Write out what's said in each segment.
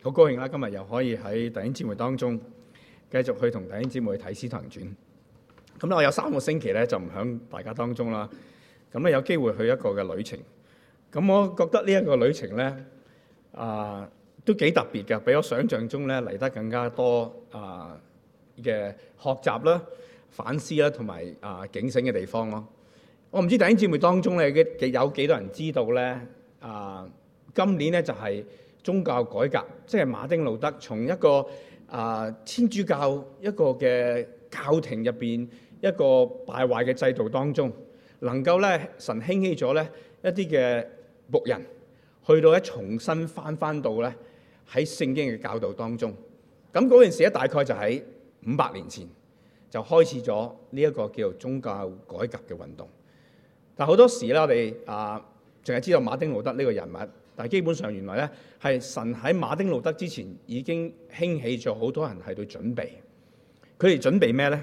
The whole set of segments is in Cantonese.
好高興啦！今日又可以喺弟兄姊妹當中繼續去同弟兄姊妹睇《使徒行傳》。咁我有三個星期咧就唔響大家當中啦。咁咧有機會去一個嘅旅程。咁我覺得呢一個旅程咧啊都幾特別嘅，比我想象中咧嚟得更加多啊嘅學習啦、反思啦同埋啊警醒嘅地方咯。我唔知弟兄姊妹當中咧有幾多人知道咧啊？今年咧就係、是，宗教改革，即係馬丁路德從一個啊天主教一個嘅教廷入邊一個敗壞嘅制度當中，能夠咧神興起咗咧一啲嘅僕人，去到咧重新翻翻到咧喺聖經嘅教導當中。咁嗰件事咧大概就喺五百年前就開始咗呢一個叫做宗教改革嘅運動。但好多時咧我哋啊淨係知道馬丁路德呢個人物。但基本上原來咧，係神喺馬丁路德之前已經興起咗好多人喺度準備。佢哋準備咩咧？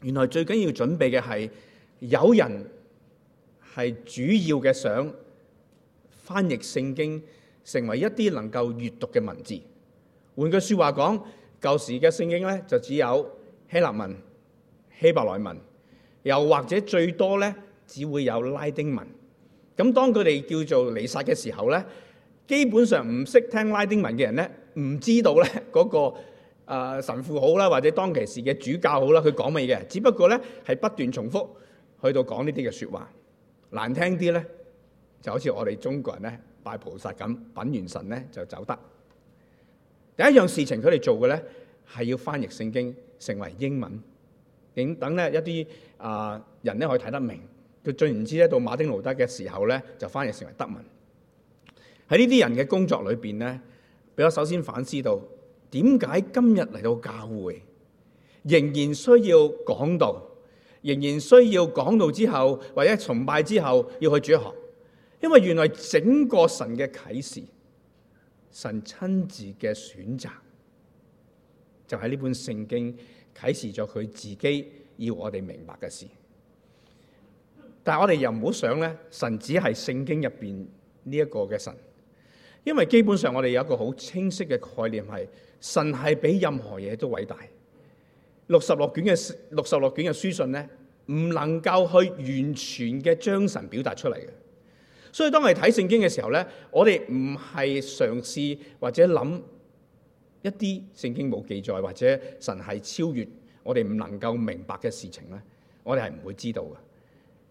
原來最緊要準備嘅係有人係主要嘅想翻譯聖經成為一啲能夠閱讀嘅文字。換句説話講，舊時嘅聖經咧就只有希臘文、希伯來文，又或者最多咧只會有拉丁文。咁當佢哋叫做彌撒嘅時候咧，基本上唔識聽拉丁文嘅人咧，唔知道咧、那、嗰個、呃、神父好啦，或者當其時嘅主教好啦，佢講乜嘢嘅？只不過咧係不斷重複去到講呢啲嘅説話，難聽啲咧就好似我哋中國人咧拜菩薩咁，稟完神咧就走得。第一樣事情佢哋做嘅咧係要翻譯聖經成為英文，咁等咧一啲啊、呃、人咧可以睇得明。佢最唔知咧，到馬丁路德嘅時候咧，就翻譯成為德文。喺呢啲人嘅工作裏邊咧，俾我首先反思到，點解今日嚟到教會，仍然需要講道，仍然需要講道之後或者崇拜之後要去主學，因為原來整個神嘅啟示，神親自嘅選擇，就喺呢本聖經啟示咗佢自己要我哋明白嘅事。但係我哋又唔好想咧，神只係聖經入邊呢一個嘅神，因為基本上我哋有一個好清晰嘅概念係，神係比任何嘢都偉大。六十六卷嘅六十六卷嘅書信咧，唔能夠去完全嘅將神表達出嚟嘅。所以當我哋睇聖經嘅時候咧，我哋唔係嘗試或者諗一啲聖經冇記載或者神係超越我哋唔能夠明白嘅事情咧，我哋係唔會知道嘅。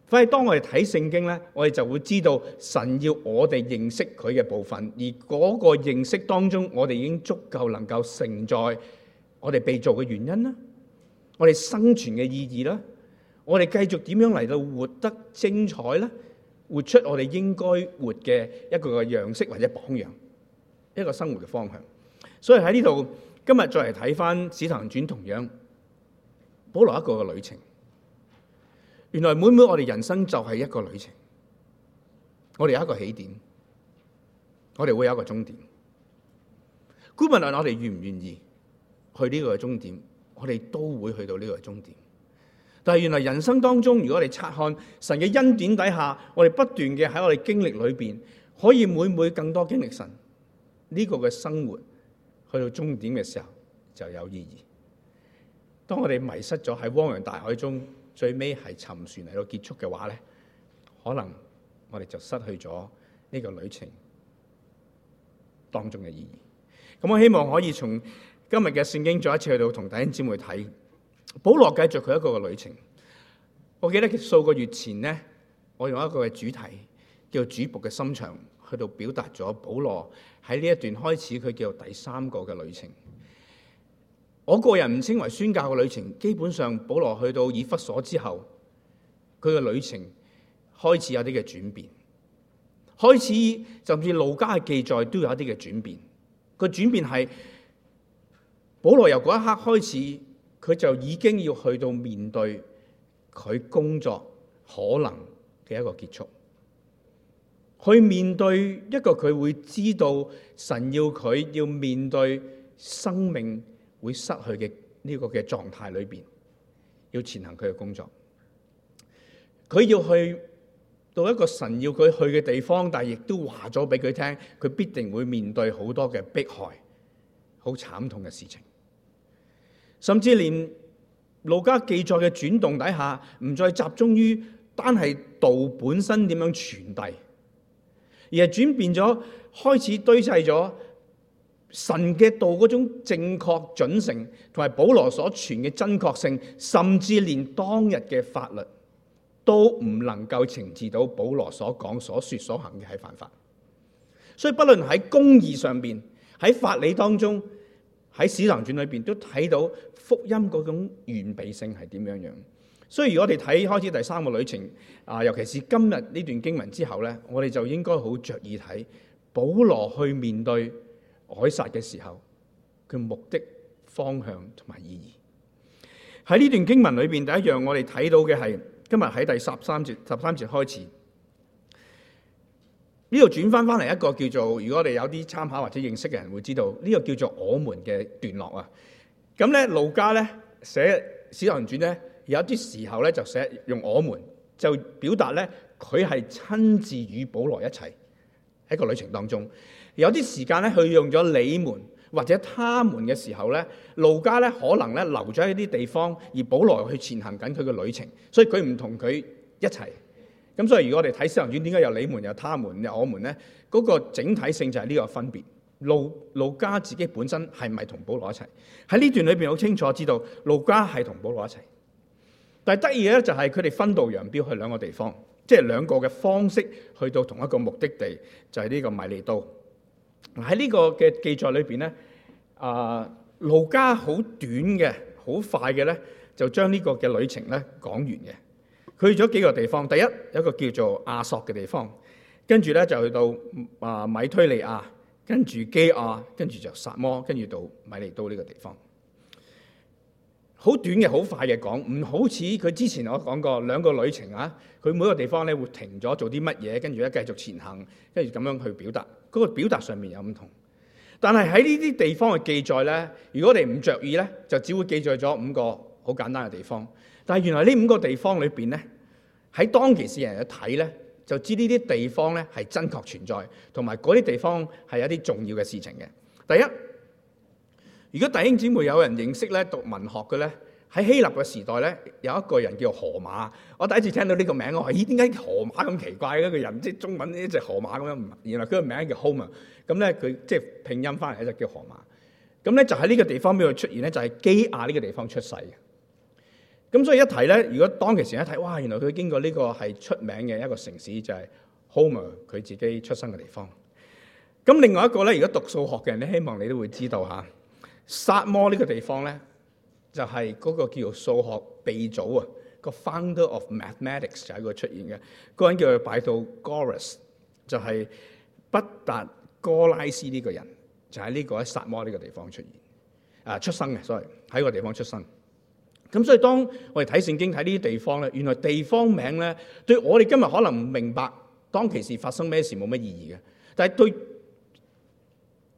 反係當我哋睇聖經呢，我哋就會知道神要我哋認識佢嘅部分，而嗰個認識當中，我哋已經足夠能夠承載我哋被造嘅原因啦，我哋生存嘅意義啦，我哋繼續點樣嚟到活得精彩呢，活出我哋應該活嘅一個嘅樣式或者榜樣，一個生活嘅方向。所以喺呢度今日再嚟睇翻《使徒行傳》，同樣保羅一個嘅旅程。原來每每我哋人生就係一個旅程，我哋有一個起點，我哋會有一個終點。無論我哋願唔願意去呢個終點，我哋都會去到呢個終點。但係原來人生當中，如果我哋察看神嘅恩典底下，我哋不斷嘅喺我哋經歷裏邊，可以每每更多經歷神呢個嘅生活，去到終點嘅時候就有意義。當我哋迷失咗喺汪洋大海中。最尾係沉船嚟到結束嘅話咧，可能我哋就失去咗呢個旅程當中嘅意義。咁我希望可以從今日嘅聖經再一次去到同弟兄姐妹睇，保羅繼續佢一個嘅旅程。我記得數個月前呢，我用一個嘅主題叫做主僕嘅心腸，去到表達咗保羅喺呢一段開始佢叫做第三個嘅旅程。我個人唔稱為宣教嘅旅程，基本上保羅去到以弗所之後，佢嘅旅程開始有啲嘅轉變，開始甚至路加嘅記載都有一啲嘅轉變。個轉變係保羅由嗰一刻開始，佢就已經要去到面對佢工作可能嘅一個結束，去面對一個佢會知道神要佢要面對生命。會失去嘅呢個嘅狀態裏邊，要前行佢嘅工作，佢要去到一個神要佢去嘅地方，但係亦都話咗俾佢聽，佢必定會面對好多嘅迫害，好慘痛嘅事情，甚至連路加記載嘅轉動底下，唔再集中於單係道本身點樣傳遞，而係轉變咗，開始堆砌咗。神嘅道嗰種正確準成，同埋保羅所傳嘅真確性，甚至連當日嘅法律都唔能夠懲治到保羅所講所說所行嘅係犯法。所以，不論喺公義上邊，喺法理當中，喺史堂傳裏邊都睇到福音嗰種完備性係點樣樣。所以，如果我哋睇開始第三個旅程啊，尤其是今日呢段經文之後呢，我哋就應該好着意睇保羅去面對。凱撒嘅時候，佢目的、方向同埋意義喺呢段經文裏邊，第一樣我哋睇到嘅係今日喺第十三節十三節開始，呢度轉翻翻嚟一個叫做，如果我哋有啲參考或者認識嘅人會知道，呢、這個叫做我們嘅段落啊。咁呢，路加呢寫《使徒行傳》咧，有啲時候呢就寫用我們，就表達呢，佢係親自與保羅一齊喺個旅程當中。有啲時間咧，去用咗你們或者他們嘅時候咧，路加咧可能咧留咗一啲地方，而保羅去前行緊佢嘅旅程，所以佢唔同佢一齊。咁所以如果我哋睇《使徒行傳》，點解有你們、有他們、有我們咧？嗰、那個整體性就係呢個分別。路路加自己本身係咪同保羅在一齊？喺呢段裏邊好清楚知道，路加係同保羅在一齊。但係得意嘅咧，就係佢哋分道揚鑣去兩個地方，即、就、係、是、兩個嘅方式去到同一個目的地，就係、是、呢個米利都。喺呢個嘅記載裏邊咧，啊路加好短嘅，好快嘅咧，就將呢個嘅旅程咧講完嘅。佢去咗幾個地方，第一有一個叫做亞朔嘅地方，跟住咧就去到啊米推利尼，跟住基亞，跟住就撒摩，跟住到米利都呢個地方。好短嘅、好快嘅講，唔好似佢之前我講過兩個旅程啊，佢每個地方咧會停咗做啲乜嘢，跟住咧繼續前行，跟住咁樣去表達。嗰個表達上面有唔同，但係喺呢啲地方嘅記載咧，如果你唔着意咧，就只會記載咗五個好簡單嘅地方。但係原來呢五個地方裏邊咧，喺當其事當其時人一睇咧，就知呢啲地方咧係真確存在，同埋嗰啲地方係有啲重要嘅事情嘅。第一。如果弟兄姊妹有人認識咧讀文學嘅咧，喺希臘嘅時代咧，有一個人叫河馬。我第一次聽到呢個名，我話咦，點解河馬咁奇怪嘅一個人？即係中文呢隻河馬咁樣。原來佢個名叫 Homer。咁咧佢即係拼音翻嚟就叫河馬。咁咧就喺呢個地方邊度出現咧？就係基亞呢個地方出世嘅。咁所以一睇咧，如果當其時一睇，哇！原來佢經過呢個係出名嘅一個城市，就係 Homer，佢自己出生嘅地方。咁另外一個咧，如果讀數學嘅人咧，希望你都會知道嚇。撒摩呢個地方咧，就係、是、嗰個叫做數學鼻祖啊，個 founder of mathematics 就喺佢出現嘅，嗰個人叫佢到 g o r 拉 s 就係不達哥拉斯呢個人，就喺、是、呢、這個喺撒摩呢個地方出現，啊，出生嘅，所以喺個地方出生。咁所以當我哋睇聖經睇呢啲地方咧，原來地方名咧對我哋今日可能唔明白當其時發生咩事冇乜意義嘅，但係對。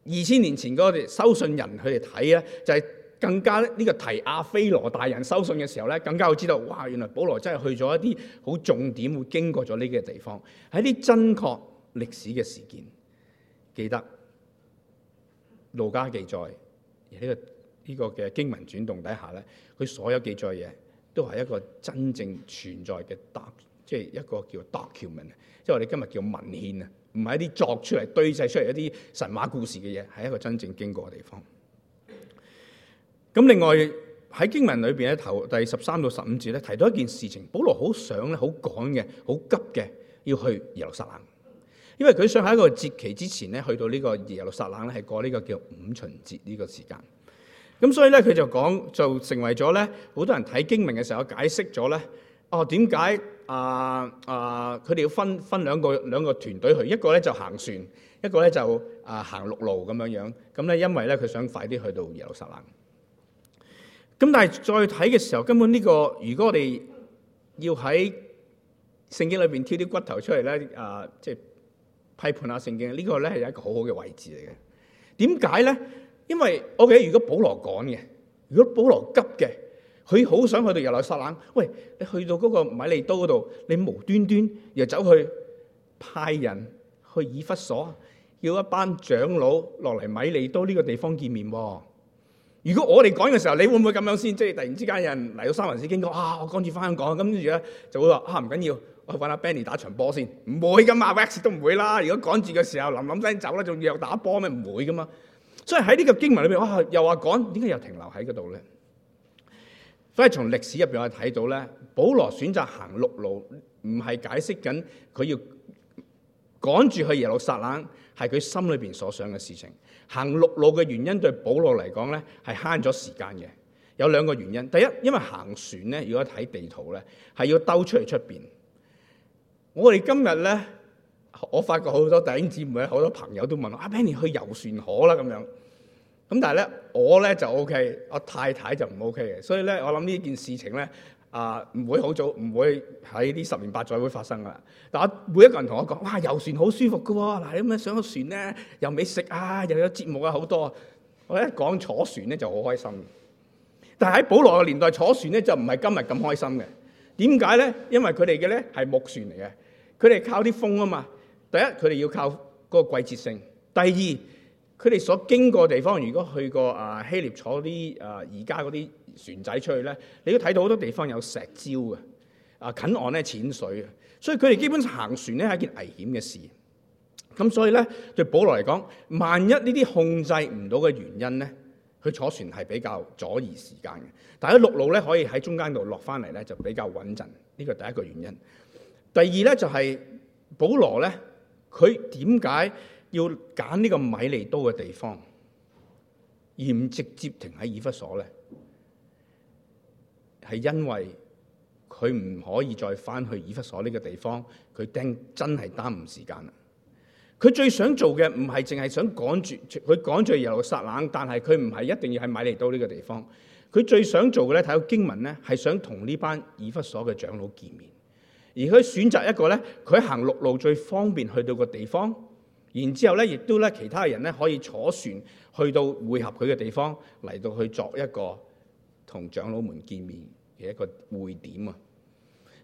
二千年前嗰啲收信人佢哋睇咧，就係、是、更加呢、這個提亞非羅大人收信嘅時候咧，更加知道哇！原來保羅真係去咗一啲好重點會經過咗呢個地方，喺啲真確歷史嘅事件，記得路加記載而呢、這個呢、這個嘅經文轉動底下咧，佢所有記載嘢都係一個真正存在嘅 doc，即係一個叫 document 即係我哋今日叫文獻啊。唔係一啲作出嚟、堆砌出嚟一啲神話故事嘅嘢，係一個真正經過嘅地方。咁另外喺經文裏邊咧，頭第十三到十五節咧提到一件事情，保羅好想咧、好趕嘅、好急嘅要去耶路撒冷，因為佢想喺一個節期之前咧去到呢個耶路撒冷咧，係過呢個叫五旬節呢個時間。咁所以咧佢就講就成為咗咧，好多人睇經文嘅時候解釋咗咧。哦，點解啊啊？佢、啊、哋要分分兩個兩個團隊去，一個咧就行船，一個咧就啊行陸路咁樣樣。咁咧，因為咧佢想快啲去到耶路撒冷。咁但係再睇嘅時候，根本呢、呢個如果我哋要喺聖經裏邊挑啲骨頭出嚟咧，啊，即、就、係、是、批判下聖經，呢個、呢個咧係一個好好嘅位置嚟嘅。點解咧？因為 OK，如果保羅趕嘅，如果保羅急嘅。佢好想去到耶路撒冷。喂，你去到嗰個米利都嗰度，你無端端又走去派人去以弗所，要一班長老落嚟米利都呢個地方見面。如果我哋趕嘅時候，你會唔會咁樣先？即係突然之間有人嚟到三文市經過，啊，我趕住翻香港，咁跟住咧就會話啊唔緊要，我揾阿 Benny 打場波先。唔會噶嘛，Wax 都唔會啦。如果趕住嘅時候臨臨尾走啦，仲約打波咩？唔會噶嘛。所以喺呢個經文裏面，哇、啊！又話趕點解又停留喺嗰度咧？所以從歷史入邊我哋睇到咧，保羅選擇行陸路，唔係解釋緊佢要趕住去耶路撒冷，係佢心裏邊所想嘅事情。行陸路嘅原因對保羅嚟講咧係慳咗時間嘅，有兩個原因。第一，因為行船咧，如果睇地圖咧，係要兜出去出邊。我哋今日咧，我發覺好多弟兄姊妹、好多朋友都問我：阿、ah, Benny 去遊船河啦咁樣。咁但係咧，我咧就 OK，我太太就唔 OK 嘅，所以咧我諗呢件事情咧啊，唔會好早，唔會喺呢十年八載會發生㗎啦。但係，每一個人同我講，哇，遊船好舒服嘅喎、哦，嗱，你咁樣上個船咧，又美食啊，又有節目啊，好多。我一講坐船咧就好開心。但係喺保羅嘅年代坐船咧就唔係今日咁開心嘅。點解咧？因為佢哋嘅咧係木船嚟嘅，佢哋靠啲風啊嘛。第一佢哋要靠嗰個季節性，第二，佢哋所經過地方，如果去過啊希臘坐啲啊而家嗰啲船仔出去咧，你都睇到好多地方有石礁嘅啊近岸咧淺水啊，所以佢哋基本上行船咧係一件危險嘅事。咁所以咧對保羅嚟講，萬一呢啲控制唔到嘅原因咧，佢坐船係比較阻礙時間嘅。但係喺陸路咧可以喺中間度落翻嚟咧就比較穩陣，呢個第一個原因。第二咧就係保羅咧，佢點解？要揀呢個米利都嘅地方，而唔直接停喺以弗所咧，係因為佢唔可以再翻去以弗所呢個地方，佢驚真係耽誤時間啦。佢最想做嘅唔係淨係想趕住佢趕住去耶路撒冷，但係佢唔係一定要喺米利都呢個地方。佢最想做嘅咧，睇到經文咧，係想同呢班以弗所嘅長老見面，而佢選擇一個咧，佢行陸路，路最方便去到個地方。然之後咧，亦都咧，其他人咧可以坐船去到會合佢嘅地方，嚟到去作一個同長老們見面嘅一個會點啊！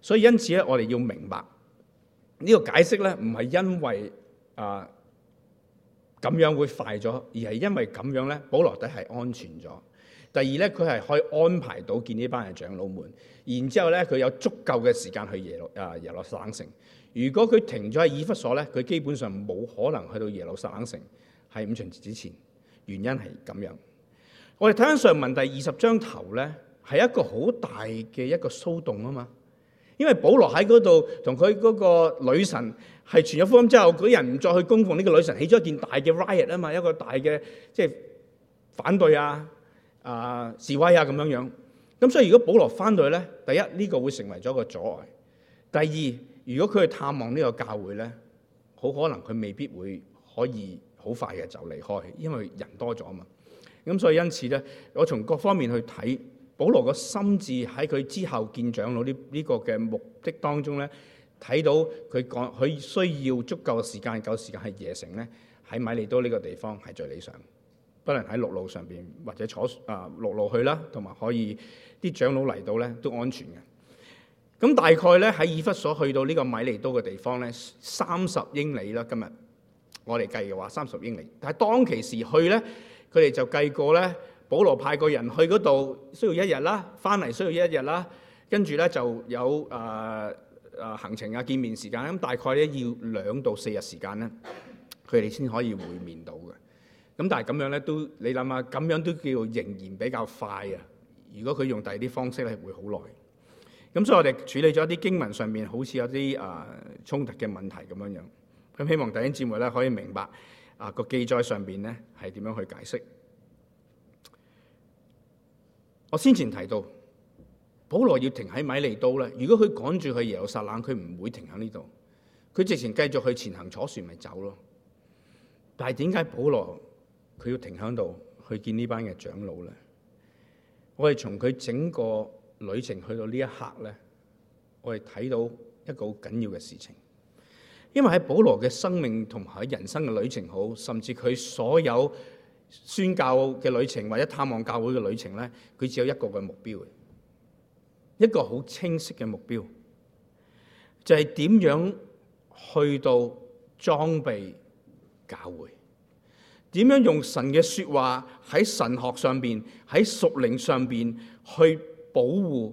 所以因此咧，我哋要明白呢個解釋咧，唔係因為啊咁樣會快咗，而係因為咁樣咧，保羅底係安全咗。第二咧，佢係可以安排到見呢班嘅長老們。然之後咧，佢有足夠嘅時間去耶路啊耶路撒冷城。如果佢停咗喺以弗所咧，佢基本上冇可能去到耶路撒冷城喺五旬節之前。原因係咁樣。我哋睇返上文第二十章頭咧，係一個好大嘅一個騷動啊嘛。因為保羅喺嗰度同佢嗰個女神係傳咗福音之後，嗰啲人唔再去供奉呢個女神，起咗一件大嘅 riot 啊嘛，一個大嘅即係反對啊、啊示威啊咁樣樣。咁所以如果保羅翻到去咧，第一呢，這個會成為咗一個阻礙，第二。如果佢去探望呢個教會呢，好可能佢未必會可以好快嘅就離開，因為人多咗嘛。咁所以因此呢，我從各方面去睇，保羅個心智喺佢之後見長老呢呢個嘅目的當中呢，睇到佢講佢需要足夠時間夠時間喺耶城呢，喺米利都呢個地方係最理想，不能喺陸路上邊或者坐啊陸路上去啦，同埋可以啲長老嚟到呢都安全嘅。咁大概咧喺以弗所去到呢個米利都嘅地方咧，三十英里啦。今日我嚟計嘅話，三十英里。但係當其時去咧，佢哋就計過咧，保羅派個人去嗰度需要一日啦，翻嚟需要一日啦，跟住咧就有誒誒、呃呃、行程啊、見面時間咁，大概咧要兩到四日時間咧，佢哋先可以會面到嘅。咁但係咁樣咧都你諗下，咁樣都叫仍然比較快啊！如果佢用第二啲方式咧，會好耐。咁、嗯、所以我哋處理咗一啲經文上面好似有啲誒、啊、衝突嘅問題咁樣樣，咁、嗯、希望第一節目咧可以明白啊個記載上邊咧係點樣去解釋。我先前提到，保羅要停喺米利都咧，如果佢趕住去耶路撒冷，佢唔會停喺呢度，佢直情繼續去前行坐船咪走咯。但係點解保羅佢要停喺度去見呢班嘅長老咧？我係從佢整個旅程去到呢一刻呢，我哋睇到一個好緊要嘅事情，因為喺保羅嘅生命同喺人生嘅旅程好，甚至佢所有宣教嘅旅程或者探望教會嘅旅程呢，佢只有一個嘅目標嘅，一個好清晰嘅目標，就係點樣去到裝備教會，點樣用神嘅說話喺神學上邊，喺屬靈上邊去。保護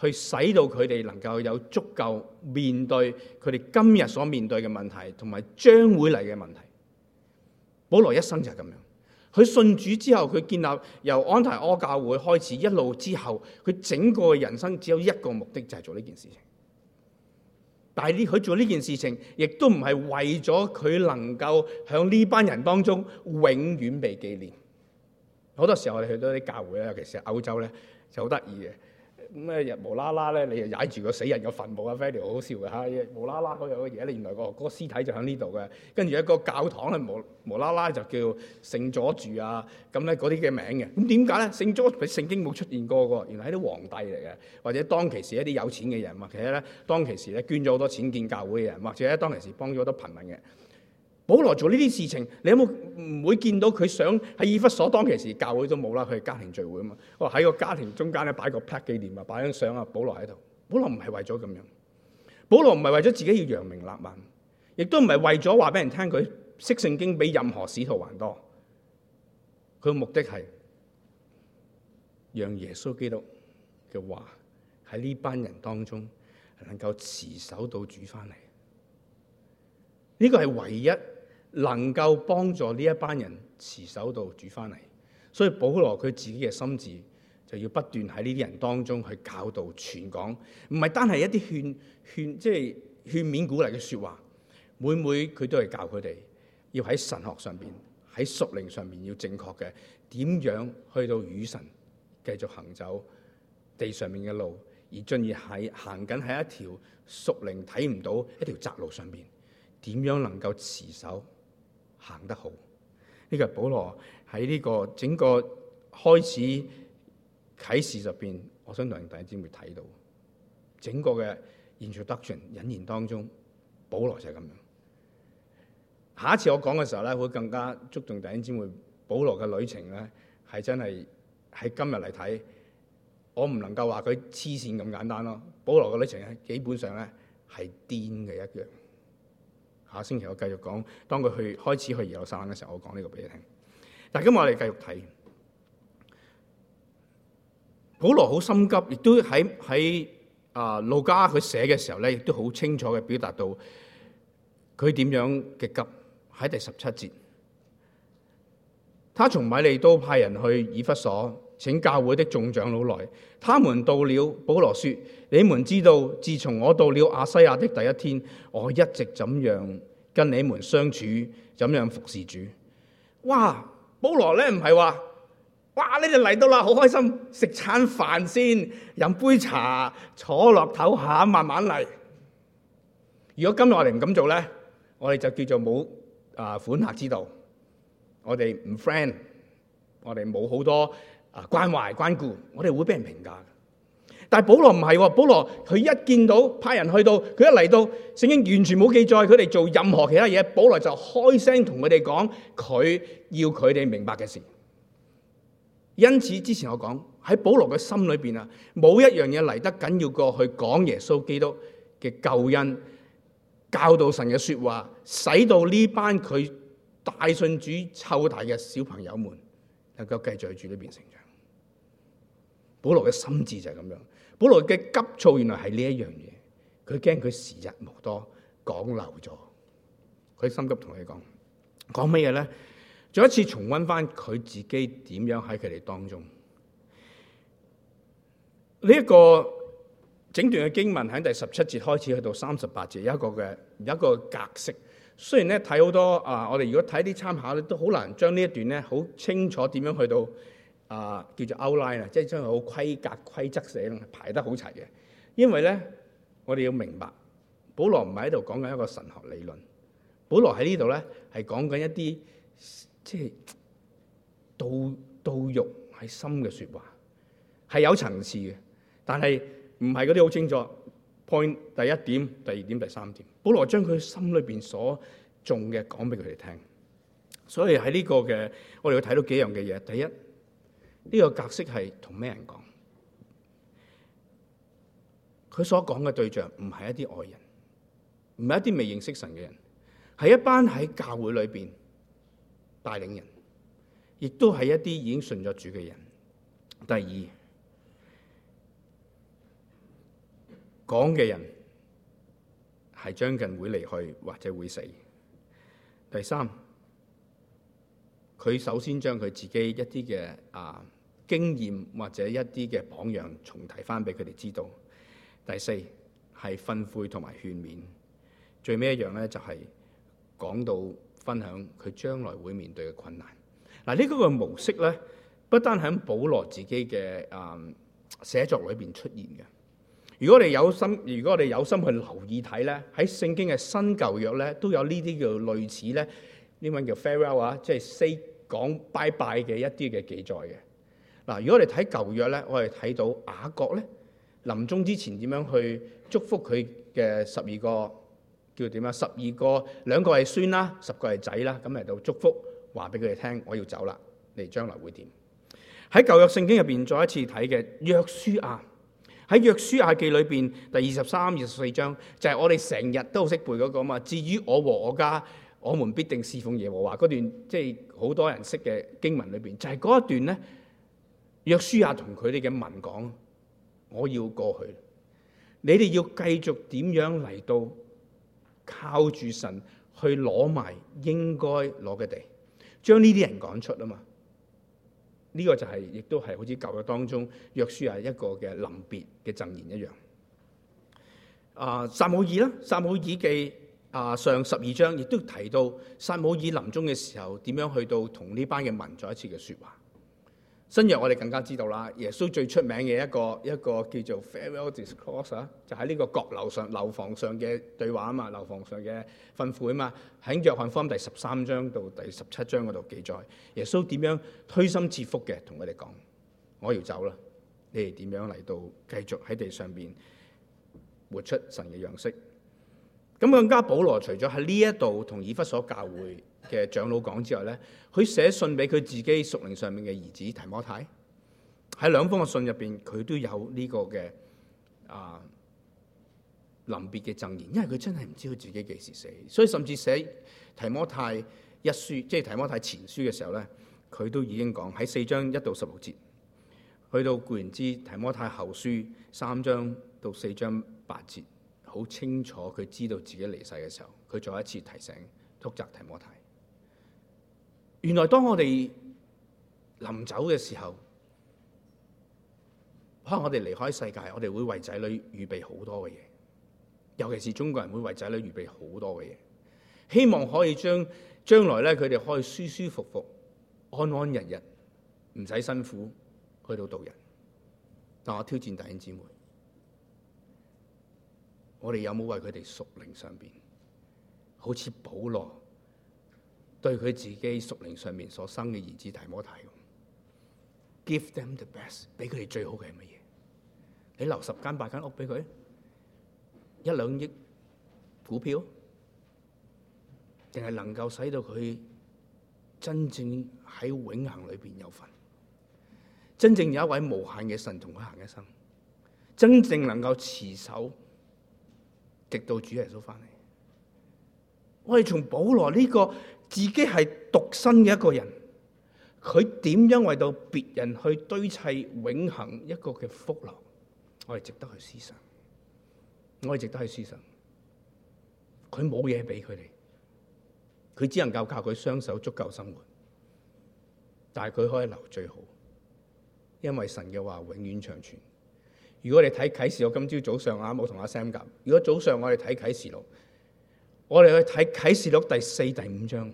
去使到佢哋能夠有足夠面對佢哋今日所面對嘅問題，同埋將會嚟嘅問題。保羅一生就係咁樣，佢信主之後，佢建立由安提阿教會開始，一路之後，佢整個人生只有一個目的，就係、是、做呢件事情。但係呢，佢做呢件事情，亦都唔係為咗佢能夠喺呢班人當中永遠被紀念。好多時候我哋去到啲教會咧，尤其是歐洲咧。就好得意嘅。咁咧日無啦啦咧，你又踩住個死人個墳墓啊非常好笑嘅，嚇，無啦啦嗰樣嘅嘢，你原來個嗰個屍體就喺呢度嘅。跟住一個教堂咧，無緣無啦啦就叫聖佐住啊，咁咧嗰啲嘅名嘅。咁點解咧？聖佐喺聖經冇出現過喎，原來係啲皇帝嚟嘅，或者當其時一啲有錢嘅人，或者咧當其時咧捐咗好多錢建教會嘅人，或者咧當其時幫咗好多貧民嘅。保羅做呢啲事情，你有冇唔會見到佢想喺以弗所當其時，教會都冇啦，佢係家庭聚會啊嘛。我喺個家庭中間咧擺個 plate 紀念啊，擺張相啊，保羅喺度。保羅唔係為咗咁樣，保羅唔係為咗自己要揚名立萬，亦都唔係為咗話俾人聽佢識聖經比任何使徒還多。佢嘅目的係讓耶穌基督嘅話喺呢班人當中能夠持守到主翻嚟。呢個係唯一。能夠幫助呢一班人持守到主翻嚟，所以保羅佢自己嘅心智就要不斷喺呢啲人當中去教導傳講，唔係單係一啲勸勸，即係勸勉鼓勵嘅説話。每每佢都係教佢哋要喺神學上邊、喺屬靈上面要正確嘅，點樣去到與神繼續行走地上面嘅路，而進而喺行緊喺一條屬靈睇唔到一條窄路上邊點樣能夠持守。行得好，呢、這個係保羅喺呢個整個開始啟示入邊，我想同大家會睇到整個嘅 introduction 引言當中，保羅就係咁樣。下一次我講嘅時候咧，會更加觸動弟兄姊妹。保羅嘅旅程咧，係真係，喺今日嚟睇，我唔能夠話佢痴線咁簡單咯。保羅嘅旅程基本上咧係癲嘅一樣。下星期我繼續講，當佢去開始去耶路撒冷嘅時候，我講呢個俾你聽。但係今日我哋繼續睇，保羅好心急，亦都喺喺啊路加佢寫嘅時候咧，亦都好清楚嘅表達到佢點樣嘅急。喺第十七節，他從米利都派人去以弗所請教會的眾長老來，他們到了保羅，保羅説。你們知道，自從我到了亞西亞的第一天，我一直怎樣跟你們相處，怎樣服侍主。哇，保羅咧唔係話，哇，你哋嚟到啦，好開心，食餐飯先，飲杯茶，坐落頭下慢慢嚟。如果今日我哋唔咁做咧，我哋就叫做冇啊款客之道，我哋唔 friend，我哋冇好多啊關懷關顧，我哋會俾人評價。但係保羅唔係，保羅佢一見到派人去到，佢一嚟到，聖經完全冇記載佢哋做任何其他嘢，保羅就開聲同佢哋講佢要佢哋明白嘅事。因此之前我講喺保羅嘅心裏邊啊，冇一樣嘢嚟得緊要過去講耶穌基督嘅救恩，教導神嘅說話，使到呢班佢大信主湊大嘅小朋友們能夠繼續去住呢邊成長。保羅嘅心智就係咁樣。本來嘅急躁原來係呢一樣嘢，佢驚佢時日無多，講漏咗，佢心急同你講，講乜嘢咧？再一次重溫翻佢自己點樣喺佢哋當中，呢一個整段嘅經文喺第十七節開始去到三十八節，有一個嘅一個格式。雖然咧睇好多啊，我哋如果睇啲參考咧，都好難將呢一段咧好清楚點樣去到。啊，叫做 outline 啊，即係將佢好規格規則寫，排得好齊嘅。因為咧，我哋要明白，保羅唔係喺度講緊一個神學理論。保羅喺呢度咧，係講緊一啲即係道道欲喺心嘅説話，係有層次嘅。但係唔係嗰啲好清楚。point 第一點、第二點、第三點。保羅將佢心裏邊所重嘅講俾佢哋聽。所以喺呢個嘅，我哋要睇到幾樣嘅嘢。第一。呢個格式係同咩人講？佢所講嘅對象唔係一啲外人，唔係一啲未認識神嘅人，係一班喺教會裏面帶領人，亦都係一啲已經信咗主嘅人。第二，講嘅人係將近會離去或者會死。第三，佢首先將佢自己一啲嘅啊。經驗或者一啲嘅榜樣重提翻俾佢哋知道。第四係分悔同埋勸勉。最尾一樣咧，就係、是、講到分享佢將來會面對嘅困難。嗱，呢個模式咧，不單喺保羅自己嘅啊寫作裏邊出現嘅。如果你有心，如果我哋有心去留意睇咧，喺聖經嘅新舊約咧都有呢啲叫類似咧呢文叫 farewell 啊，即係 say 講拜拜嘅一啲嘅記載嘅。嗱，如果我哋睇舊約咧，我哋睇到雅各咧，臨終之前點樣去祝福佢嘅十二個叫點啊？十二個兩個係孫啦，十個係仔啦，咁嚟到祝福，話俾佢哋聽，我要走啦，你哋將來會點？喺舊約聖經入邊再一次睇嘅約書亞，喺約書亞記裏邊第二十三、二十四章，就係我哋成日都識背嗰個嘛。至於我和我家，我們必定侍奉耶和華嗰段，即係好多人識嘅經文裏邊，就係嗰一段咧。約書亞同佢哋嘅民講：我要過去，你哋要繼續點樣嚟到？靠住神去攞埋應該攞嘅地，將呢啲人趕出啊嘛！呢、這個就係、是、亦都係好似舊約當中約書亞一個嘅臨別嘅贈言一樣。啊，撒母耳啦，撒母耳記啊上十二章亦都提到撒母耳臨終嘅時候點樣去到同呢班嘅民再一次嘅說話。新約我哋更加知道啦，耶穌最出名嘅一個一個叫做 Farewell Discourse，就喺呢個閣樓上、樓房上嘅對話啊嘛，樓房上嘅吩咐啊嘛，喺約翰福音第十三章到第十七章嗰度記載，耶穌點樣推心置腹嘅同佢哋講，我要走啦，你哋點樣嚟到繼續喺地上邊活出神嘅樣式？咁更加保羅除咗喺呢一度同以弗所教會嘅長老講之外咧，佢寫信俾佢自己屬靈上面嘅兒子提摩太，喺兩封嘅信入邊，佢都有呢個嘅啊臨別嘅贈言，因為佢真係唔知佢自己幾時死，所以甚至寫提摩太一書，即係提摩太前書嘅時候咧，佢都已經講喺四章一到十六節，去到固然之提摩太後書三章到四章八節，好清楚佢知道自己離世嘅時候，佢再一次提醒督責提摩太。原來當我哋臨走嘅時候，可能我哋離開世界，我哋會為仔女預備好多嘅嘢，尤其是中國人會為仔女預備好多嘅嘢，希望可以將將來咧，佢哋可以舒舒服服、安安日日，唔使辛苦去到度日。但我挑戰弟兄姊妹，我哋有冇為佢哋屬靈上面，好似保羅？對佢自己屬靈上面所生嘅兒子提摩太 give them the best，俾佢哋最好嘅係乜嘢？你留十間八間屋俾佢，一兩億股票，定係能夠使到佢真正喺永恒裏邊有份，真正有一位無限嘅神同佢行一生，真正能夠持守直到主耶穌翻嚟。我哋從保羅呢、這個。自己係獨身嘅一個人，佢點樣為到別人去堆砌永恆一個嘅福流？我哋值得去思想，我哋值得去思想。佢冇嘢俾佢哋，佢只能夠靠佢雙手足夠生活，但係佢可以留最好，因為神嘅話永遠長存。如果你睇啟示，我今朝早上啱好同阿 Sam 講，如果早上我哋睇啟示錄。我哋去睇啟示錄第四、第五章，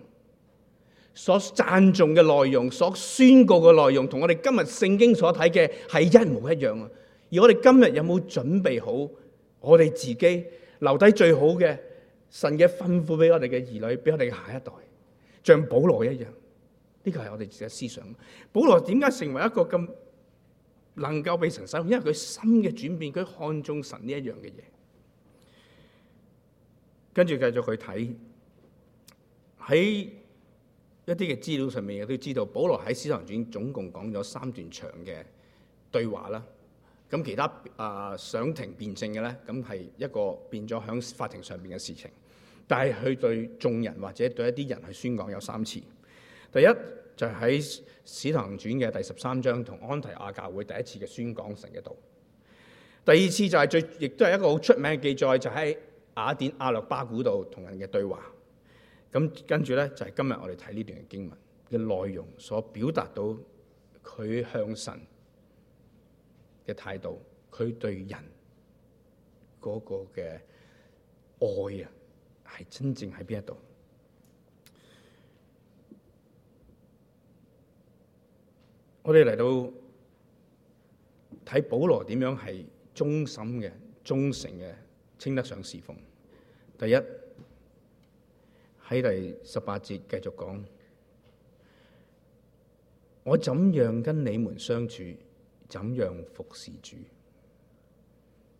所讚頌嘅內容，所宣告嘅內容，同我哋今日聖經所睇嘅係一模一樣啊！而我哋今日有冇準備好我哋自己留低最好嘅神嘅吩咐俾我哋嘅兒女，俾我哋嘅下一代，像保羅一樣？呢個係我哋自己嘅思想。保羅點解成為一個咁能夠被神使用？因為佢心嘅轉變，佢看中神呢一樣嘅嘢。跟住繼續去睇喺一啲嘅資料上面，亦都知道保羅喺《使徒行傳》總共講咗三段長嘅對話啦。咁其他啊、呃，上庭辯證嘅咧，咁係一個變咗響法庭上邊嘅事情。但係佢對眾人或者對一啲人去宣講有三次。第一就喺《使徒行傳》嘅第十三章，同安提阿教會第一次嘅宣講神嘅道；第二次就係最，亦都係一個好出名嘅記載，就係、是。雅典亞略巴古度同人嘅對話，咁跟住咧就係今日我哋睇呢段經文嘅內容，所表達到佢向神嘅態度，佢對人嗰個嘅愛啊，係真正喺邊一度？我哋嚟到睇保羅點樣係忠心嘅、忠誠嘅。稱得上侍奉。第一，喺第十八節繼續講，我怎樣跟你們相處，怎樣服侍主？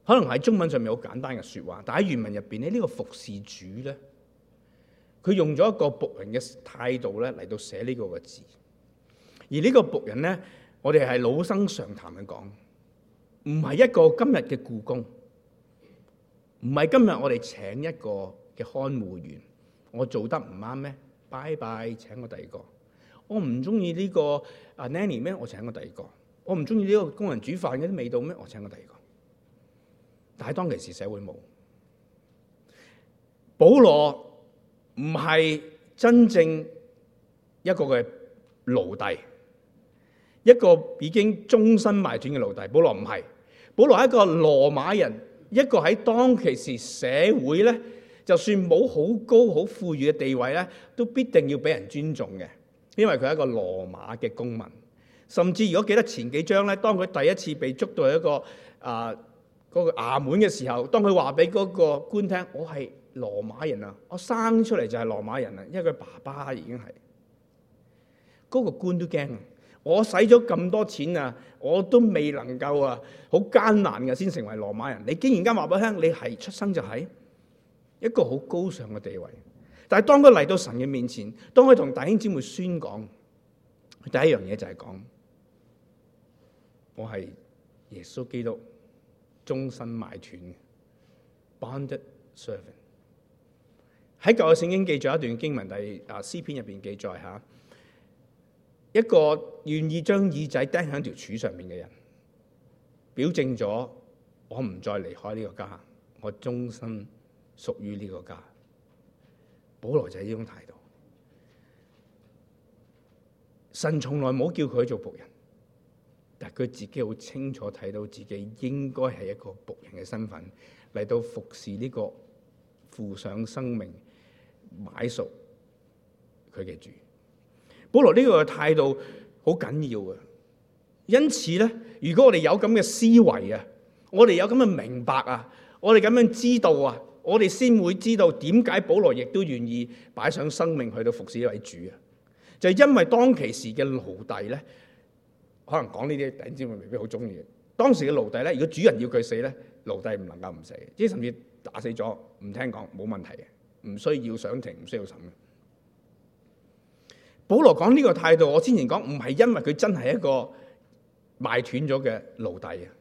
可能喺中文上面好簡單嘅説話，但喺原文入邊咧，呢、這個服侍主咧，佢用咗一個僕人嘅態度咧嚟到寫呢個個字。而這個呢個僕人咧，我哋係老生常談嘅講，唔係一個今日嘅故宮。唔係今日我哋請一個嘅看護員，我做得唔啱咩？拜拜，請我第二個。我唔中意呢個啊 nanny 咩？我請我第二個。我唔中意呢個工人煮飯嗰啲味道咩？我請我第二個。但係當其時社會冇。保羅唔係真正一個嘅奴隸，一個已經終身賣斷嘅奴隸。保羅唔係，保羅係一個羅馬人。一個喺當其時社會咧，就算冇好高好富裕嘅地位咧，都必定要俾人尊重嘅，因為佢係一個羅馬嘅公民。甚至如果記得前幾章咧，當佢第一次被捉到一個啊嗰個衙門嘅時候，當佢話俾嗰個官聽：我係羅馬人啊，我生出嚟就係羅馬人啦，因為佢爸爸已經係，嗰個官都驚我使咗咁多錢啊，我都未能夠啊，好艱難嘅先成為羅馬人。你竟然間話俾我聽，你係出生就係一個好高尚嘅地位。但係當佢嚟到神嘅面前，當佢同弟兄姊妹宣講，第一樣嘢就係講，我係耶穌基督終身買斷嘅，bonded servant。喺舊嘅聖經記載一段經文第，第啊詩篇入邊記載吓。一個願意將耳仔釘喺條柱上面嘅人，表證咗我唔再離開呢個家，我終身屬於呢個家。保羅就係呢種態度，神從來冇叫佢做僕人，但佢自己好清楚睇到自己應該係一個僕人嘅身份，嚟到服侍呢個付上生命買贖佢嘅主。保羅呢個態度好緊要啊。因此咧，如果我哋有咁嘅思維啊，我哋有咁嘅明白啊，我哋咁樣知道啊，我哋先會知道點解保羅亦都願意擺上生命去到服侍呢位主啊！就係因為當其時嘅奴隸咧，可能講呢啲，頂先未必好中意。當時嘅奴隸咧，如果主人要佢死咧，奴隸唔能夠唔死，即係甚至打死咗唔聽講冇問題嘅，唔需要上庭，唔需要審嘅。保羅講呢個態度，我之前講，唔係因為佢真係一個賣斷咗嘅奴隸啊，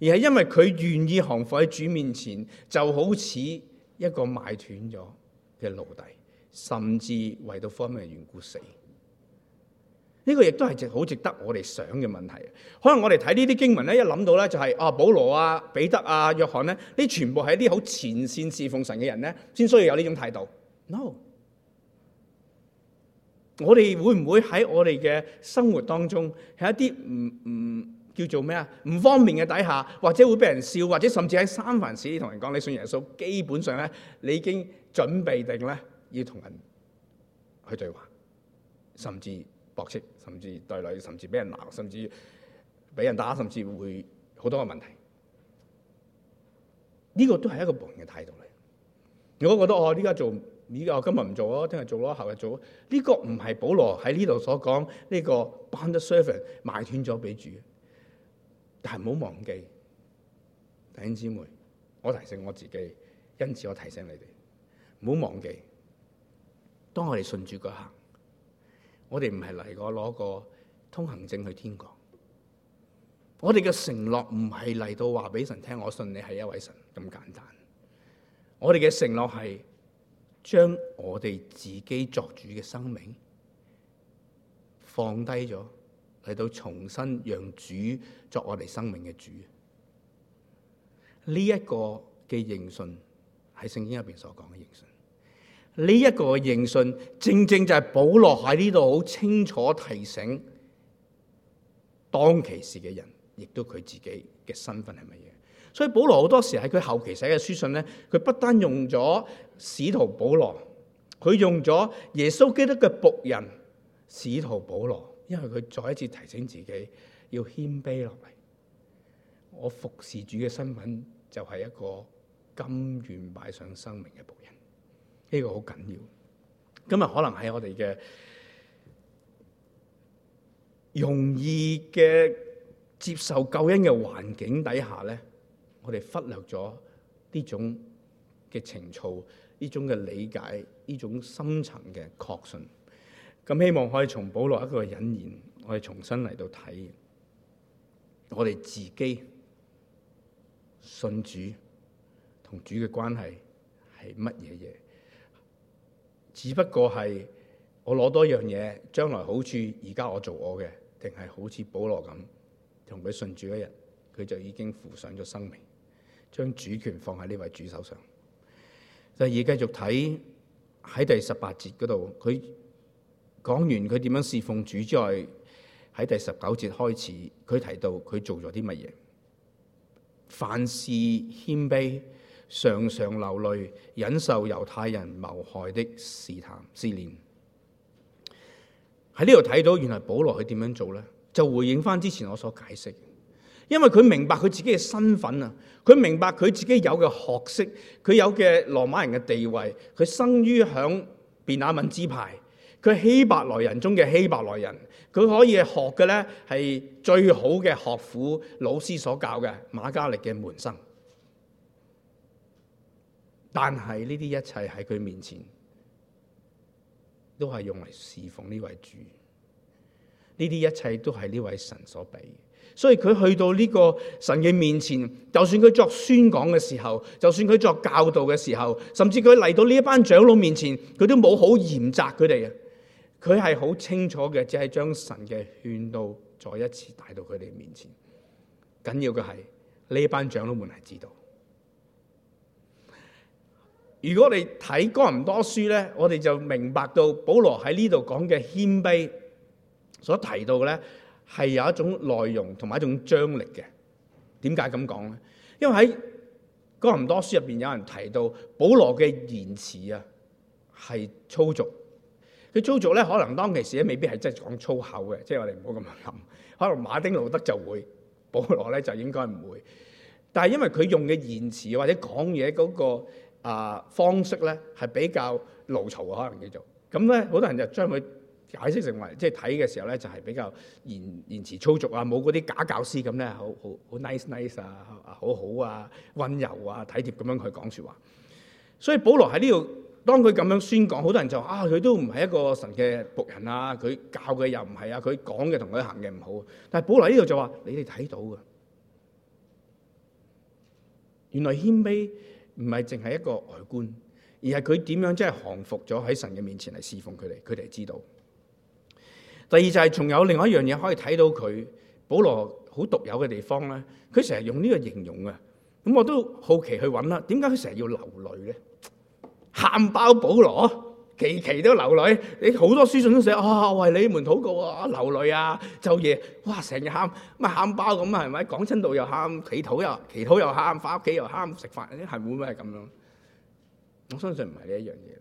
而係因為佢願意降服喺主面前，就好似一個賣斷咗嘅奴隸，甚至為到福音嘅緣故死。呢、這個亦都係值好值得我哋想嘅問題。可能我哋睇呢啲經文咧，一諗到咧就係、是、啊保羅啊彼得啊約翰咧，呢全部係啲好前線侍奉神嘅人咧，先需要有呢種態度。No。我哋會唔會喺我哋嘅生活當中喺一啲唔唔叫做咩啊？唔方便嘅底下，或者會俾人笑，或者甚至喺三藩市同人講你信耶穌，基本上咧你已經準備定咧要同人去對話，甚至駁斥，甚至對立，甚至俾人鬧，甚至俾人打，甚至會好多個問題。呢、這個都係一個不良嘅態度嚟。如果覺得我呢家做。而我今日唔做咯，聽日做咯，後日做咯。呢、這個唔係保羅喺呢度所講呢、這個 bond servant 賣斷咗俾主，但係唔好忘記弟兄姊妹，我提醒我自己，因此我提醒你哋唔好忘記，當我哋順住嗰刻，我哋唔係嚟過攞個通行證去天國，我哋嘅承諾唔係嚟到話俾神聽，我信你係一位神咁簡單，我哋嘅承諾係。將我哋自己作主嘅生命放低咗，嚟到重新讓主作我哋生命嘅主。呢、這、一個嘅認信喺聖經入邊所講嘅認信。呢、這、一個認信正正就係保羅喺呢度好清楚提醒當其時嘅人，亦都佢自己嘅身份係乜嘢。所以保羅好多時喺佢後期寫嘅書信咧，佢不單用咗使徒保羅，佢用咗耶穌基督嘅僕人使徒保羅，因為佢再一次提醒自己要謙卑落嚟。我服侍主嘅身份就係一個甘願擺上生命嘅僕人，呢個好緊要。今日可能喺我哋嘅容易嘅接受救恩嘅環境底下咧。我哋忽略咗呢種嘅情操，呢種嘅理解，呢種深層嘅確信。咁希望可以從保羅一個引言，我哋重新嚟到睇，我哋自己信主同主嘅關係係乜嘢嘢？只不過係我攞多一樣嘢，將來好處而家我做我嘅，定係好似保羅咁，同佢信主一日，佢就已經付上咗生命。將主權放喺呢位主手上。第二，繼續睇喺第十八節嗰度，佢講完佢點樣侍奉主之外，喺第十九節開始，佢提到佢做咗啲乜嘢。凡事謙卑，常常流淚，忍受猶太人謀害的試探、試煉。喺呢度睇到，原來保羅佢點樣做呢？就回應翻之前我所解釋。因為佢明白佢自己嘅身份啊，佢明白佢自己有嘅學識，佢有嘅羅馬人嘅地位，佢生於響便雅憫支派，佢希伯來人中嘅希伯來人，佢可以學嘅呢係最好嘅學府老師所教嘅馬加力嘅門生，但係呢啲一切喺佢面前，都係用嚟侍奉呢位主，呢啲一切都係呢位神所俾。所以佢去到呢個神嘅面前，就算佢作宣講嘅時候，就算佢作教導嘅時候，甚至佢嚟到呢一班長老面前，佢都冇好嚴責佢哋啊！佢係好清楚嘅，只係將神嘅勸導再一次帶到佢哋面前。緊要嘅係呢一班長老們係知道。如果你睇哥林多書呢，我哋就明白到保羅喺呢度講嘅謙卑所提到嘅呢。係有一種內容同埋一種張力嘅。點解咁講咧？因為喺《哥林多書》入邊有人提到，保羅嘅言詞啊係粗俗。佢粗俗咧，可能當其時咧未必係真係講粗口嘅，即係我哋唔好咁樣諗。可能馬丁路德就會，保羅咧就應該唔會。但係因為佢用嘅言詞或者講嘢嗰個啊方式咧係比較牢嘈嘅，可能叫做咁咧，好多人就將佢解釋成為即係睇嘅時候咧，就係比較言辭粗俗啊，冇嗰啲假教師咁咧，好好，nice, nice, 好好 nice nice 啊，好好啊，溫柔啊，體貼咁樣去講説話。所以保羅喺呢度，當佢咁樣宣講，好多人就話：啊，佢都唔係一個神嘅僕人啊，佢教嘅又唔係啊，佢講嘅同佢行嘅唔好。但係保羅喺呢度就話：你哋睇到嘅，原來謙卑唔係淨係一個外觀，而係佢點樣真係降服咗喺神嘅面前嚟侍奉佢哋，佢哋知道。第二就係仲有另外一樣嘢可以睇到佢，保羅好獨有嘅地方咧，佢成日用呢個形容啊，咁我都好奇去揾啦。點解佢成日要流淚咧？喊包保羅，期期都流淚。你好多書信都寫啊，為、哦，你們禱告啊，流淚啊，晝夜哇，成日喊，咁啊喊包咁啊，係咪？講親道又喊，祈禱又祈禱又喊，翻屋企又喊，食飯係會唔會係咁樣。我相信唔係呢一樣嘢。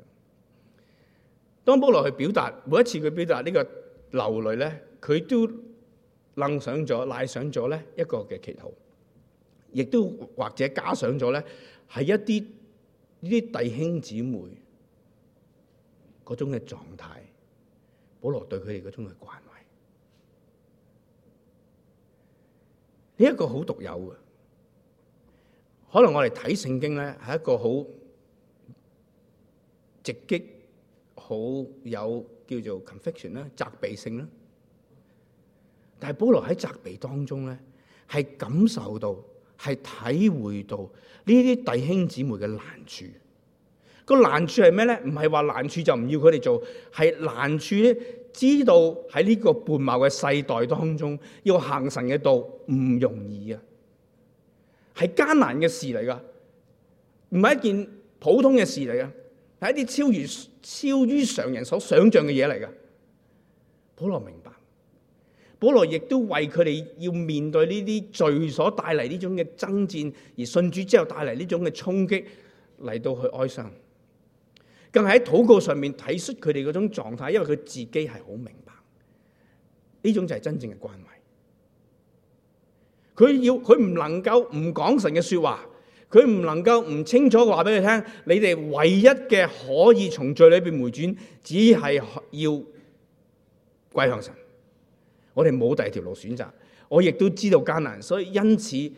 當保羅去表達每一次佢表達呢個。流淚咧，佢都愣上咗、賴上咗咧一個嘅祈禱，亦都或者加上咗咧係一啲呢啲弟兄姊妹嗰種嘅狀態，保羅對佢哋嗰種嘅關懷，呢一個好獨有嘅，可能我哋睇聖經咧係一個好直擊。好有叫做 confliction 啦，責備性啦。但係保羅喺責備當中咧，係感受到，係體會到呢啲弟兄姊妹嘅難處。個難處係咩咧？唔係話難處就唔要佢哋做，係難處咧，知道喺呢個悖謬嘅世代當中，要行神嘅道唔容易啊，係艱難嘅事嚟噶，唔係一件普通嘅事嚟啊。係一啲超越超於常人所想象嘅嘢嚟噶，保羅明白，保羅亦都為佢哋要面對呢啲罪所帶嚟呢種嘅爭戰而信主之後帶嚟呢種嘅衝擊嚟到去哀傷，更係喺禱告上面睇出佢哋嗰種狀態，因為佢自己係好明白呢種就係真正嘅關懷，佢要佢唔能夠唔講神嘅說話。佢唔能夠唔清楚話俾你聽，你哋唯一嘅可以從罪裏邊回轉，只係要歸向神。我哋冇第二條路選擇。我亦都知道艱難，所以因此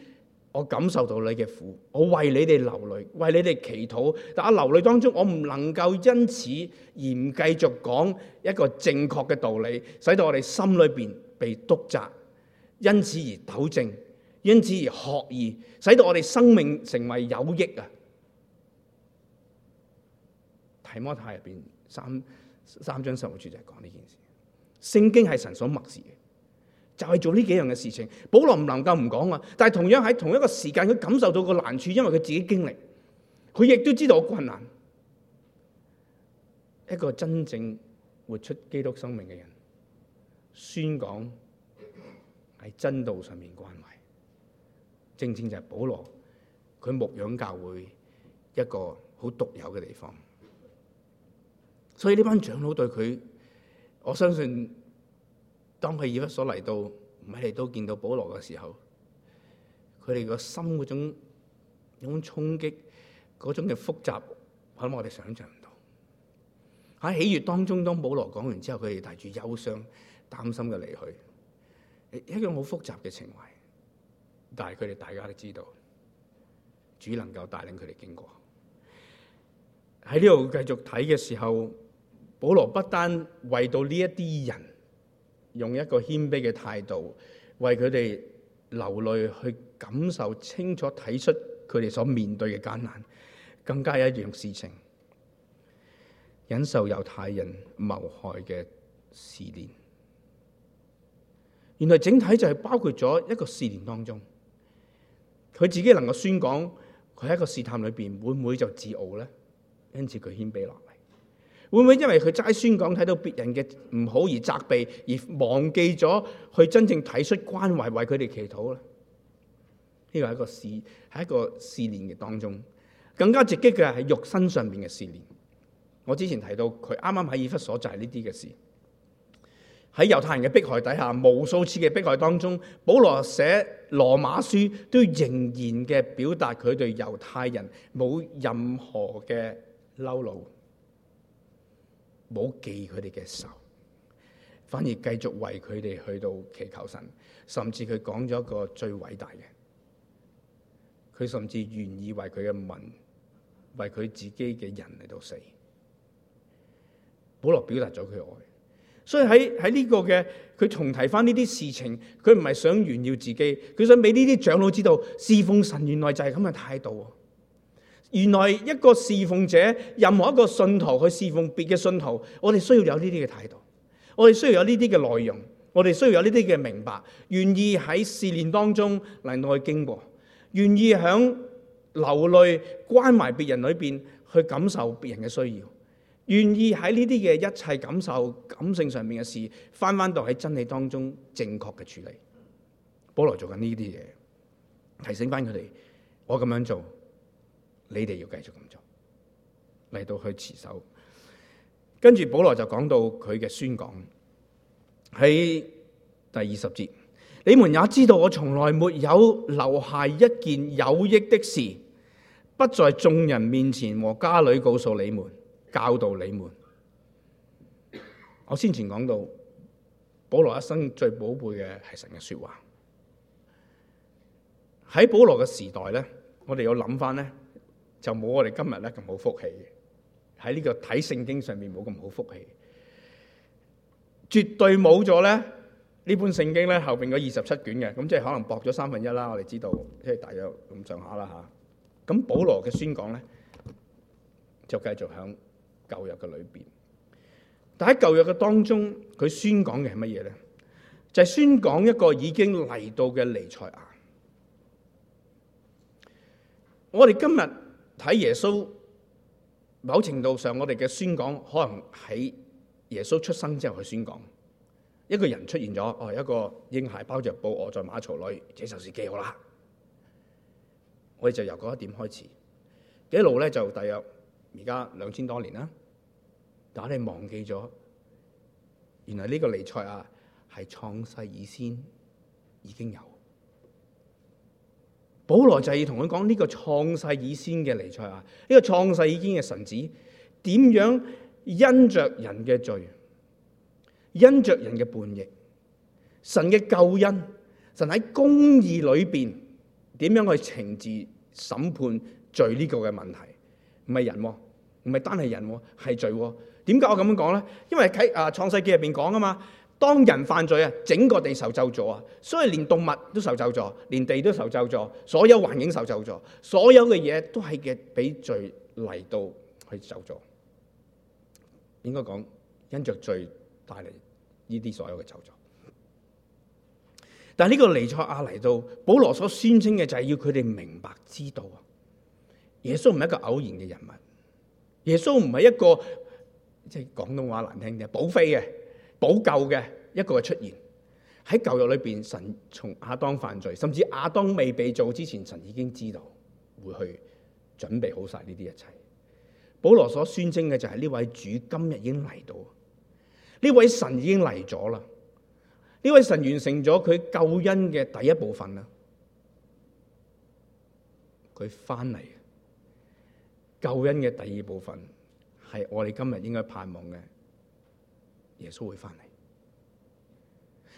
我感受到你嘅苦，我為你哋流淚，為你哋祈禱。但係流淚當中，我唔能夠因此而唔繼續講一個正確嘅道理，使到我哋心裏邊被督責，因此而糾正。因此而學而使到我哋生命成為有益啊！提摩太入邊三三章十節就係講呢件事。聖經係神所默示嘅，就係、是、做呢幾樣嘅事情。保羅唔能夠唔講啊！但係同樣喺同一個時間，佢感受到個難處，因為佢自己經歷，佢亦都知道個困難。一個真正活出基督生命嘅人，宣講喺真道上面關懷。正正就係保羅，佢牧養教會一個好獨有嘅地方。所以呢班長老對佢，我相信當佢以弗所嚟到，唔係嚟到見到保羅嘅時候，佢哋個心嗰種、嗰種衝擊、嗰種嘅複雜可能我哋想象唔到。喺喜悅當中，當保羅講完之後，佢哋帶住憂傷擔心嘅離去，一樣好複雜嘅情懷。但係佢哋大家都知道，主能夠帶領佢哋經過。喺呢度繼續睇嘅時候，保羅不單為到呢一啲人用一個謙卑嘅態度，為佢哋流淚去感受清楚睇出佢哋所面對嘅艱難，更加一樣事情忍受猶太人謀害嘅試煉。原來整體就係包括咗一個試煉當中。佢自己能夠宣講，佢喺一個試探裏邊會唔會就自傲咧？因此佢謙卑落嚟會唔會因為佢齋宣講睇到別人嘅唔好而責備，而忘記咗去真正睇出關懷，為佢哋祈禱咧？呢、呢個係一個試係一個試煉嘅當中，更加直擊嘅係肉身上面嘅試煉。我之前提到佢啱啱喺以弗所就係呢啲嘅事。喺猶太人嘅迫害底下，無數次嘅迫害當中，保羅寫羅馬書都仍然嘅表達佢對猶太人冇任何嘅嬲怒，冇記佢哋嘅仇，反而繼續為佢哋去到祈求神，甚至佢講咗一個最偉大嘅，佢甚至願意為佢嘅民，為佢自己嘅人嚟到死。保羅表達咗佢愛。所以喺喺呢個嘅，佢重提翻呢啲事情，佢唔係想炫耀自己，佢想俾呢啲長老知道，侍奉神原來就係咁嘅態度。原來一個侍奉者，任何一個信徒去侍奉別嘅信徒，我哋需要有呢啲嘅態度，我哋需要有呢啲嘅內容，我哋需要有呢啲嘅明白，願意喺試練當中嚟到經過，願意喺流淚關懷別人裏邊去感受別人嘅需要。願意喺呢啲嘅一切感受感性上面嘅事，翻翻到喺真理當中正確嘅處理。保羅做緊呢啲嘢，提醒翻佢哋，我咁樣做，你哋要繼續咁做嚟到去持守。跟住保羅就講到佢嘅宣講喺第二十節，你們也知道我從來沒有留下一件有益的事，不在眾人面前和家裏告訴你們。教導你們，我先前講到，保羅一生最寶貝嘅係神嘅說話。喺保羅嘅時代咧，我哋要諗翻咧，就冇我哋今日咧咁好福氣。喺呢個睇聖經上面冇咁好福氣，絕對冇咗咧呢本聖經咧後邊嘅二十七卷嘅，咁即係可能薄咗三分一啦。3，我哋知道，即係大約咁上下啦吓。咁保羅嘅宣講咧，就繼續響。舊約嘅裏邊，但喺舊約嘅當中，佢宣講嘅係乜嘢咧？就係、是、宣講一個已經嚟到嘅彌賽亞。我哋今日睇耶穌，某程度上我哋嘅宣講可能喺耶穌出生之後去宣講，一個人出現咗，哦，一個嬰孩包着布臥在馬槽裏，這就是記號啦。我哋就由嗰一點開始，一路咧就大約而家兩千多年啦。但係你忘記咗，原來呢個彌賽亞係創世以先已經有。保羅就係同佢講呢個創世以先嘅彌賽亞，呢、這個創世以先嘅神子，點樣因着人嘅罪，因着人嘅叛逆，神嘅救恩，神喺公義裏邊點樣去懲治審判罪呢個嘅問題？唔係人、啊，唔係單係人、啊，係罪、啊。點解我咁樣講咧？因為喺啊創世記入邊講啊嘛，當人犯罪啊，整個地受咒詛啊，所以連動物都受咒詛，連地都受咒詛，所有環境受咒詛，所有嘅嘢都係嘅，俾罪嚟到去咒詛。應該講因着罪帶嚟呢啲所有嘅咒詛。但係呢個彌賽亞嚟到，保羅所宣稱嘅就係要佢哋明白知道，耶穌唔係一個偶然嘅人物，耶穌唔係一個。即係廣東話難聽嘅，補飛嘅、補救嘅一個嘅出現喺舊約裏邊，神從亞當犯罪，甚至亞當未被造之前，神已經知道會去準備好晒呢啲一切。保羅所宣稱嘅就係呢位主今日已經嚟到，呢位神已經嚟咗啦，呢位神完成咗佢救恩嘅第一部分啦，佢翻嚟，救恩嘅第二部分。係我哋今日應該盼望嘅，耶穌會翻嚟。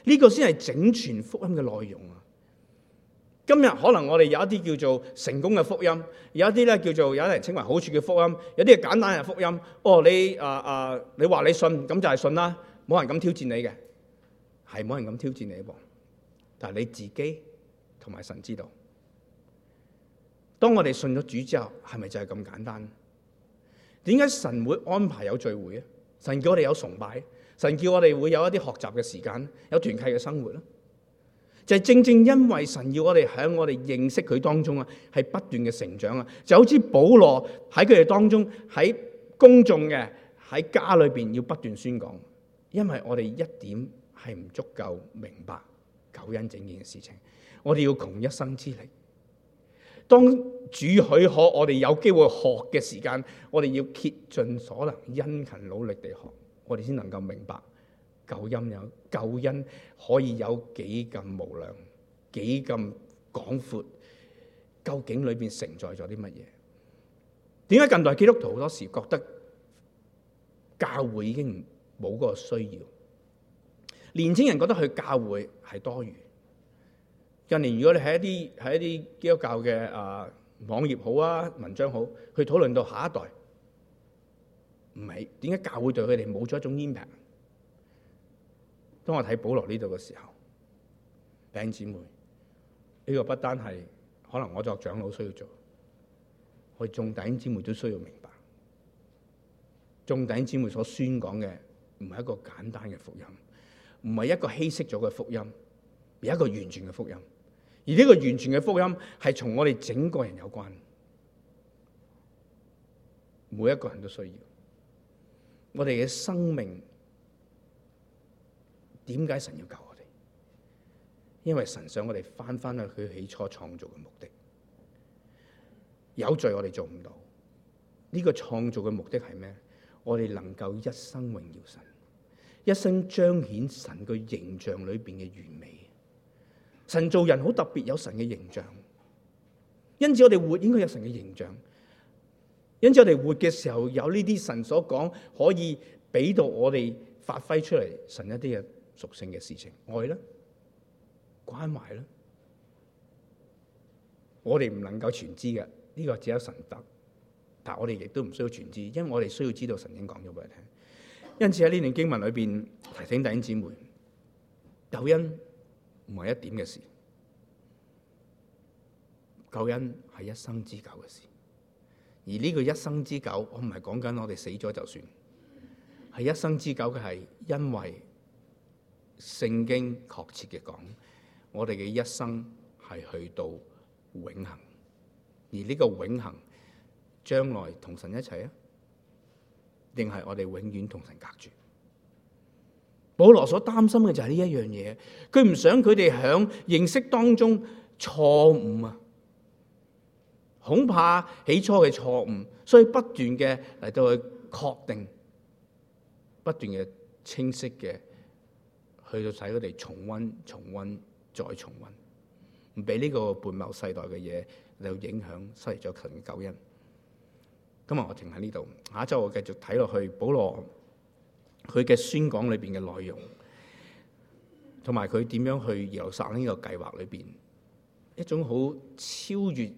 呢個先係整全福音嘅內容啊！今日可能我哋有一啲叫做成功嘅福音，有一啲咧叫做有人稱為好處嘅福音，有啲係簡單嘅福音。哦，你啊啊，你話你信咁就係信啦，冇人敢挑戰你嘅，係冇人敢挑戰你嘅。但係你自己同埋神知道，當我哋信咗主之後，係咪就係咁簡單？點解神會安排有聚會咧？神叫我哋有崇拜，神叫我哋會有一啲學習嘅時間，有團契嘅生活咧。就係、是、正正因為神要我哋喺我哋認識佢當中啊，係不斷嘅成長啊，就好似保羅喺佢哋當中喺公眾嘅喺家裏邊要不斷宣講，因為我哋一點係唔足夠明白救恩整件嘅事情，我哋要窮一生之力。當主許可我哋有機會學嘅時間，我哋要竭盡所能，殷勤努力地學，我哋先能夠明白救恩，有救恩可以有幾咁無量、幾咁廣闊，究竟裏邊承載咗啲乜嘢？點解近代基督徒好多時覺得教會已經冇嗰個需要？年青人覺得去教會係多餘。近年如果你喺一啲喺一啲基督教嘅啊網頁好，啊文章好，去討論到下一代唔係點解教會對佢哋冇咗一種 impact？當我睇保羅呢度嘅時候，弟兄姊妹呢、呢個不單係可能我作長老需要做，我哋眾弟兄姊妹都需要明白，眾弟兄姊妹所宣講嘅唔係一個簡單嘅福音，唔係一個稀釋咗嘅福音，而係一個完全嘅福音。而呢個完全嘅福音係從我哋整個人有關，每一個人都需要。我哋嘅生命點解神要救我哋？因為神想我哋返返去佢起初創造嘅目的，有罪我哋做唔到。呢個創造嘅目的係咩？我哋能夠一生榮耀神，一生彰顯神嘅形象裏邊嘅完美。神做人好特別，有神嘅形象，因此我哋活應該有神嘅形象，因此我哋活嘅時候有呢啲神所講可以俾到我哋發揮出嚟神一啲嘅屬性嘅事情，愛啦，關懷啦，我哋唔能夠全知嘅，呢個只有神得，但係我哋亦都唔需要全知，因為我哋需要知道神已經講咗俾你哋聽，因此喺呢段經文裏邊提醒弟兄姊妹，感恩。唔係一點嘅事，救恩係一生之久嘅事。而呢個一生之久，我唔係講緊我哋死咗就算，係一生之久嘅係因為聖經確切嘅講，我哋嘅一生係去到永恒。而呢個永恒，將來同神一齊啊，定係我哋永遠同神隔絕。保羅所擔心嘅就係呢一樣嘢，佢唔想佢哋響認識當中錯誤啊，恐怕起初嘅錯誤，所以不斷嘅嚟到去確定，不斷嘅清晰嘅去到使佢哋重溫、重溫、再重溫，唔俾呢個悖謬世代嘅嘢嚟到影響，失去咗神嘅救恩。今日我停喺呢度，下一周我繼續睇落去保羅。佢嘅宣講裏邊嘅內容，同埋佢點樣去耶路撒冷呢個計劃裏邊，一種好超越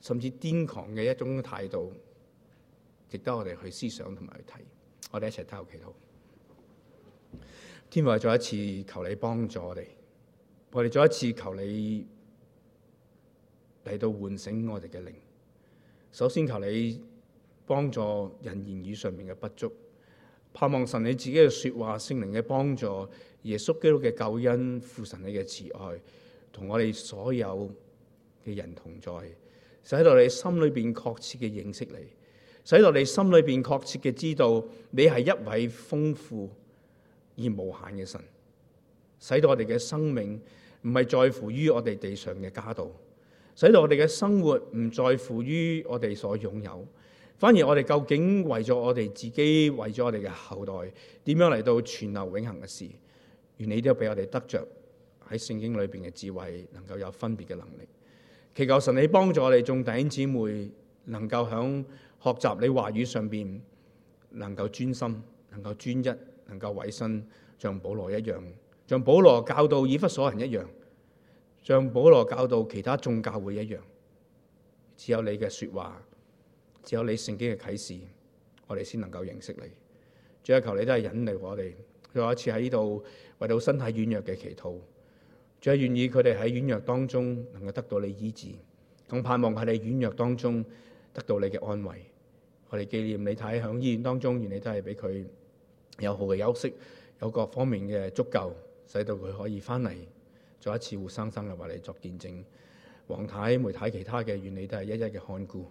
甚至癲狂嘅一種態度，值得我哋去思想同埋去睇。我哋一齊喺度祈禱。天父再一次求你幫助我哋，我哋再一次求你嚟到喚醒我哋嘅靈。首先求你幫助人言語上面嘅不足。盼望神你自己嘅說話、聖靈嘅幫助、耶穌基督嘅救恩、父神你嘅慈愛，同我哋所有嘅人同在，使到你心裏面確切嘅認識你，使到你心裏面確切嘅知道你係一位豐富而無限嘅神，使到我哋嘅生命唔係在乎於我哋地上嘅家道，使到我哋嘅生活唔在乎於我哋所擁有。反而我哋究竟為咗我哋自己，為咗我哋嘅後代，點樣嚟到傳流永恆嘅事？願你都俾我哋得着喺聖經裏邊嘅智慧，能夠有分別嘅能力。祈求神你幫助我哋眾弟兄姊妹，能夠響學習你話語上邊，能夠專心，能夠專一，能夠委身，像保羅一樣，像保羅教導以弗所人一樣，像保羅教導其他眾教會一樣，只有你嘅說話。只有你聖經嘅啟示，我哋先能夠認識你。主啊，求你都係引領我哋。再一次喺呢度為到身體軟弱嘅祈禱，主啊，願意佢哋喺軟弱當中能夠得到你醫治。更盼望喺你軟弱當中得到你嘅安慰。我哋紀念你睇喺醫院當中，願你都係俾佢有好嘅休息，有各方面嘅足夠，使到佢可以翻嚟再一次活生生嘅為你作見證。王太、梅太其他嘅願你都係一一嘅看顧。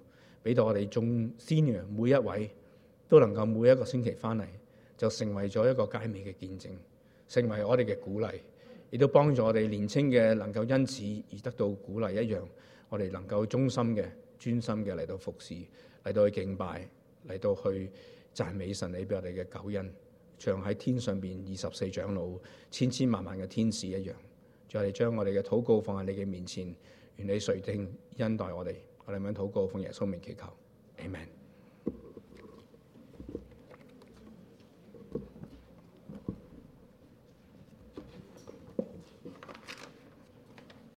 俾到我哋眾先人每一位，都能夠每一個星期翻嚟，就成為咗一個佳美嘅見證，成為我哋嘅鼓勵，亦都幫助我哋年青嘅能夠因此而得到鼓勵一樣，我哋能夠忠心嘅、專心嘅嚟到服侍，嚟到去敬拜，嚟到去讚美神，你俾我哋嘅救恩，像喺天上邊二十四長老、千千萬萬嘅天使一樣，再嚟將我哋嘅禱告放喺你嘅面前，願你垂聽恩待我哋。我哋咁樣禱告，奉耶穌名祈求，Amen。